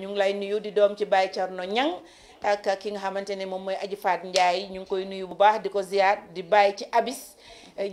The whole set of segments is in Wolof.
ñu ngi lay nuyu di doom ci Baye Thierno Niang ak ki nga xamante ne moom mooy Aji Faat Ndiaye ñu ngi koy nuyu bu baax di ko ziar di bàyyi ci abis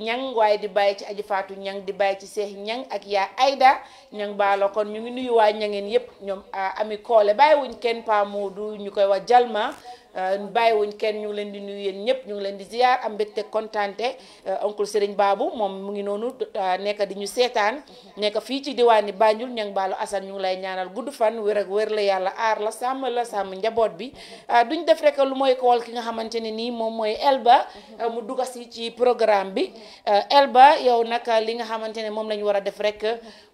ñang waaye di bàyyi ci Aji Faatu ñang di bàyyi ci Seex ñang ak yaa Ayda ñang baalo kon ñu ngi nuyu waa ñangeen yépp ñoom ah, ami koole bàyyiwuñ kenn Pa Moodu ñu koy wax Jalma Euh, bàyyiwuñ kenn ñu leen di nuyu yéen ñëpp ñu ngi leen di ziar am mbégte kontante euh, oncle Serigne Babou moom mu ngi noonu euh, nekk di ñu seetaan nekk fii ci diwaani Banjul ñang baalu Assane ñu ngi lay ñaanal gudd fan wér ak wér la yàlla aar la sàmm la sàmm njaboot bi duñ def rekk lu mooy kool ki nga xamante ne nii moom mooy Elba mu dugg si ci programme bi Elba yow nag li nga xamante ne moom lañu war a def rek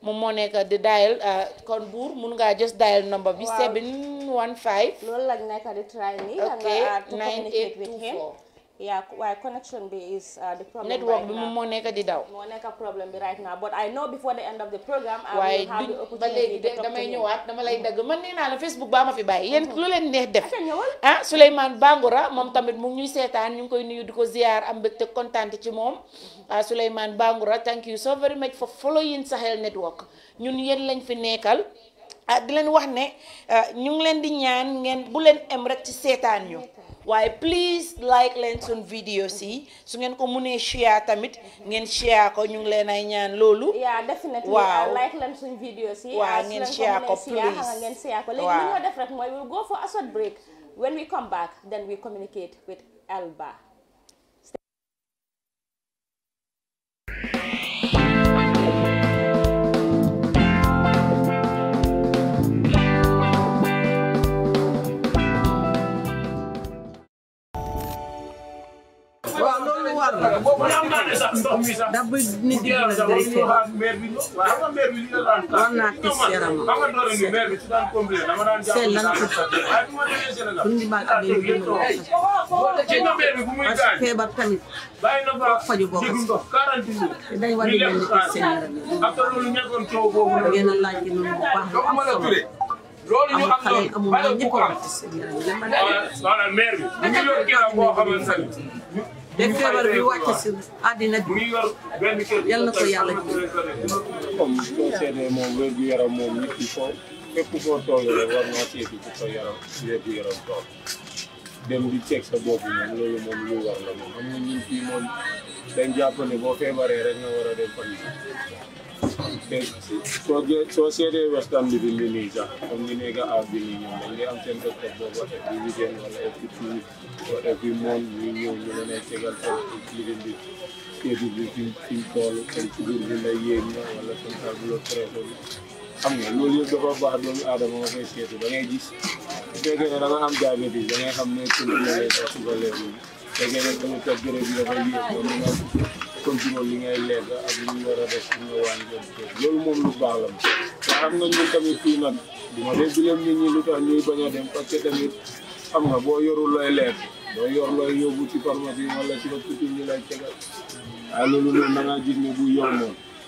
moom moo nekk di dial kon buur mun ngaa just dial number bi. 7 915. loolu lañ nekk di try nii. ok 9824. Ah, yaa waaye connection bi is ah, network bi moom moo nekk di daw. moo nekk problème bi right now but I know before the end of the program. I ah, will have the opportunity to talk to you waaye ba léegi damay ñëwaat dama lay dagg man nee la Facebook baa ma fi bàyyi. yéen mhm. lu leen neex def. ah Souleymane moom tamit mu ñuy seetaan ñu ngi koy nuyu di ko ziar am mbégte kontaan ci moom. ah Souleymane Bangora thank you so very much for following Sahel Network ñun yéen lañ fi nekkal. ah di leen wax ne ah, ñu ngi leen di ñaan ngeen bu leen em rek ci seetaan ñu waaye please like leen sun videos yi su ngeen ko munee share tamit ngeen share ko ñu ngi leen ay ñaan loolu. waaw definitely ah, like leen sun videos yi. waaw ah, ngeen share ko please ngeen share ko léegi li ñoo def rek mooy we go for a short break when we come back then we communicate with Alba. waaw loolu war na. ñambaane sax ndox mi sax. ndax bu nit di gën a day teel. waaw a naa tis yaram. seet lan a pour ñu baal abee a parce que feebar tamit a laaj noonu bu baax loolu a war a tis ba feebar bi wàcc si àddina bi yal na ko yàlla ji. comme soo seetee moom wér gu yaram moom nit ki foo fépp foo toll rek war naa seeti ci sa yaram wér gu yaram tool. dem di ceeg sa bopp moom loolu moom lu war la ma xam nga ñun fii moom dañ jàpp ne boo feebaree rek nga war a dem fan yii. soo soo seetee westam bi di nii sax comme ni nekk aaf bi nii ñoom dañ lay am seen docteur boobu every weekend wala every two weeks wala every month ñu ñëw ñu leen ay tegal ci liggéey bi seetu bi fi fi bi lay yéeg wala seen tableau pressé bi. xam nga loolu yëpp dafa baax doomu aadama nga koy seetu da ngay gis bu fekkee ne da nga am diabète da ngay xam ne contrôler sa suukar leer bi bu fekkee ne tamit kat béréb bi dafay yéeg ba nga contrôle li ngay lekk ak li ñu war a def pour nga wàññi ko loolu moom lu baax la moom. xam nga ñun tamit fii nag duma dee bileem nit ñi lu tax ñuy bañ a dem parce que tamit xam nga boo yorul looy lekk doo yor looy yóbbu ci pharmacie wala ci hôpital ñu lay tegal waaye loolu noonu da ngaa gis ne bu yor moom.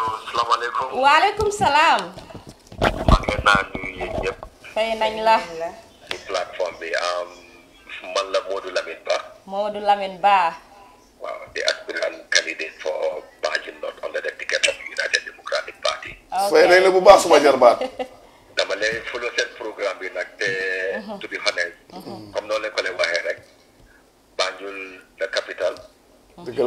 allo salaamaaleykum. waaleykum salaam. mën naa nuyu ñëpp. fay nañ la. ci plateforme bi um, man la Modou Lamine Ba. Modou Lamine Ba. waaw the aspirant candidate for Banjul North on the ticket of United Democratic Party. fay nañ la bu baax suma jarbaat. dama lay follow seen programme bi nag te. Eh, uh-huh. to be honest. comme nolak lañ ko lay rek. Banjul the capital. dëgg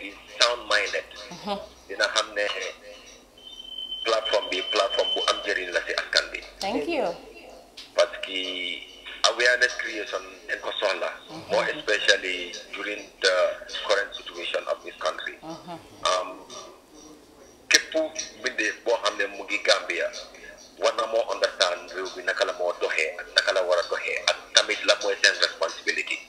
is sound minded uh-huh. am thank you But the awareness creation dañ ko uh-huh. more especially during the current situation of this country uh-huh. Um, mbindeef boo xam ne Gambia war na moo understand réew bi naka la moo doxee ak naka la war a doxee la responsibility